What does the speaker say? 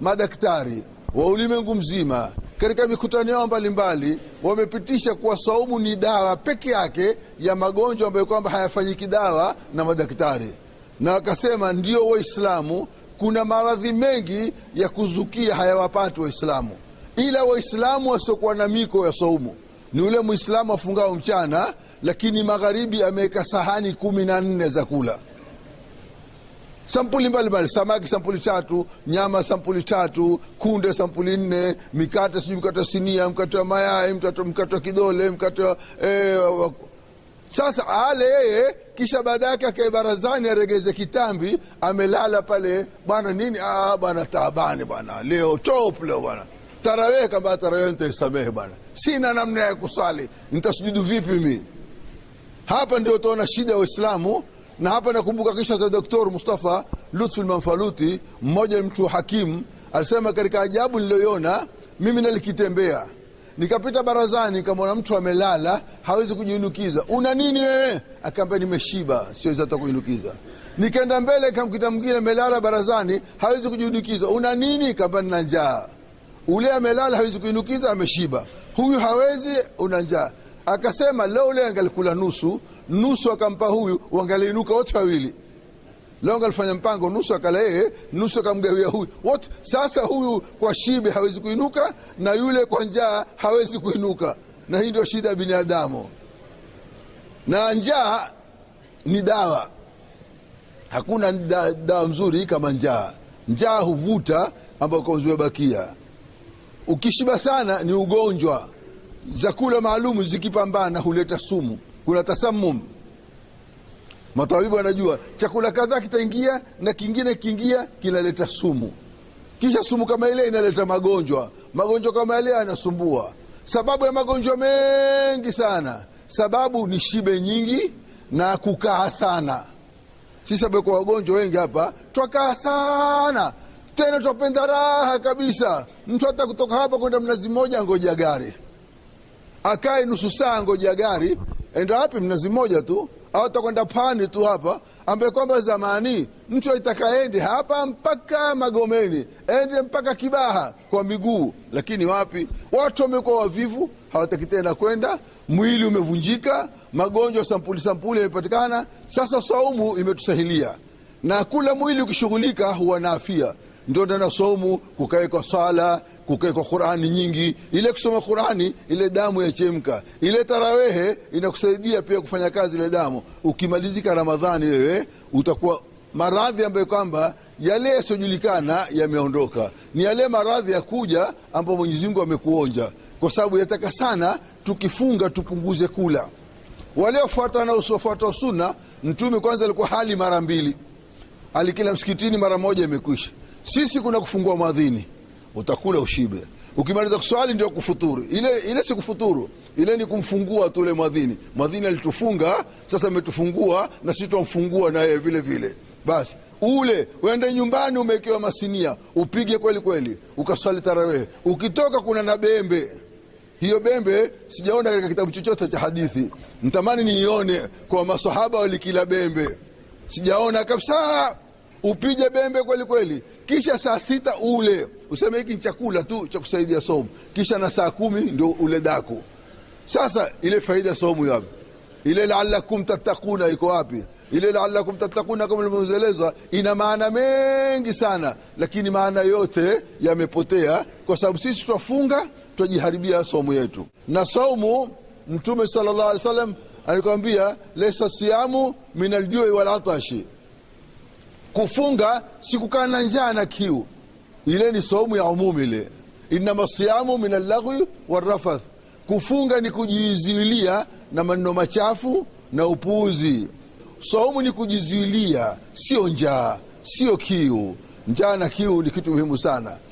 madaktari wa ulimwengu mzima katika mikutano yao mbalimbali wamepitisha kuwa saumu ni dawa peke yake ya magonjwa ambayo kwamba hayafanyiki dawa na madaktari, na wakasema ndio Waislamu kuna maradhi mengi ya kuzukia hayawapati Waislamu, ila Waislamu wasiokuwa na miko ya saumu ni ule Mwislamu afungao mchana, lakini magharibi ameweka sahani kumi na nne za kula sampuli mbalimbali, samaki sampuli tatu, nyama sampuli tatu, kunde sampuli nne, mikate sijui mkate wa sinia, mkate wa mayai, mkate wa kidole, mkate wa eh, sasa ale yeye, kisha baada yake akae barazani, aregeze kitambi, amelala pale bwana nini. Ah, ah bwana taabani bwana, leo top leo bwana tarawih kamba tarawih, ntaisamehe bwana, sina namna ya kuswali ntasujudu vipi mimi? Hapa ndio utaona shida ya Waislamu na hapa nakumbuka kisha cha Doktor Mustafa lutfu Manfaluti, mmoja mtu hakimu, alisema katika ajabu niliyoiona mimi nalikitembea, nikapita barazani, nikamwona mtu amelala, hawezi kujiinukiza. Una nini wewe? Akaambia nimeshiba, siwezi hata kuinukiza. Nikaenda mbele, kamkita mwingine amelala barazani, hawezi kujiinukiza. Una nini? Kaambia nina njaa. Ule amelala hawezi kuinukiza, ameshiba. Huyu hawezi, una njaa akasema leo ule angalikula nusu nusu, akampa huyu, wangaliinuka wote wawili. Leo ngalifanya mpango nusu akala yeye, nusu akamgawia huyu, wote sasa. Huyu kwa shibe hawezi kuinuka na yule kwa njaa hawezi kuinuka, na hii ndio shida ya binadamu. Na njaa ni dawa, hakuna da, dawa mzuri kama njaa. Njaa huvuta ambao kwa Ukishiba sana ni ugonjwa zakula maalumu zikipambana huleta sumu, kuna tasamum. Matabibu anajua chakula kadhaa kitaingia na kingine kiingia, kinaleta sumu. Kisha sumu kama ile inaleta magonjwa, magonjwa kama ile anasumbua Sababu ya magonjwa mengi sana, sababu ni shibe nyingi na kukaa sana. Sisi kwa wagonjwa wengi hapa twakaa sana tena twapenda raha kabisa. Mtu hata kutoka hapa kwenda Mnazi Mmoja ngoja gari akae nusu saa ngoja gari. Enda wapi? Mnazi Mmoja tu au takwenda Pwani tu hapa, ambaye kwamba zamani mtu aitaka ende hapa mpaka Magomeni, ende mpaka Kibaha kwa miguu. Lakini wapi, watu wamekuwa wavivu, hawataki tena kwenda. Mwili umevunjika, magonjwa sampuli sampuli yamepatikana. Sasa saumu imetusahilia, na kula mwili ukishughulika huwa na afia. Ndio ndana saumu kukawekwa swala kukekwa Qurani nyingi, ile kusoma Qurani ile damu yachemka. Ile tarawehe inakusaidia pia kufanya kazi ile damu. Ukimalizika Ramadhani wewe utakuwa maradhi ambayo kwamba yale yasiyojulikana yameondoka, ni yale maradhi ya kuja ambayo Mwenyezi Mungu amekuonja, kwa sababu yataka sana tukifunga tupunguze kula. Waliofuata na usiofuata sunna, Mtume kwanza alikuwa hali mara mbili, alikila msikitini mara moja imekwisha. Sisi kuna kufungua madhini utakula ushibe. Ukimaliza kuswali ndio kufuturu. Ile ile si kufuturu, ile ni kumfungua tu. Ule mwadhini, mwadhini alitufunga, sasa ametufungua na sisi twamfungua na yeye vile vile. Basi ule uende nyumbani, umewekewa masinia, upige kweli kweli, ukaswali tarawehe. Ukitoka kuna na bembe hiyo bembe sijaona katika kitabu chochote cha hadithi. Ntamani niione kwa masahaba walikila bembe, sijaona kabisa. Upige bembe kweli kweli kisha saa sita ule, useme hiki ni chakula tu cha kusaidia somu kisha na saa kumi ndio ule daku. Sasa ile faida somu yapi? Ile laalakum tattakuna iko wapi? Ile laalakum tattakuna kama ilivyoelezwa, ina maana mengi sana, lakini maana yote yamepotea kwa sababu sisi twafunga, twajiharibia somu yetu. Na somu Mtume sallallahu alaihi wasallam alikwambia, laysa siyamu min aljui wal atashi kufunga sikukaa na njaa na kiu, ile ni saumu ya umumi ile. Innama siyamu min allaghwi warafath, kufunga ni kujizuilia na maneno machafu na upuuzi. Saumu ni kujizuilia, sio njaa, sio kiu. Njaa na kiu ni kitu muhimu sana.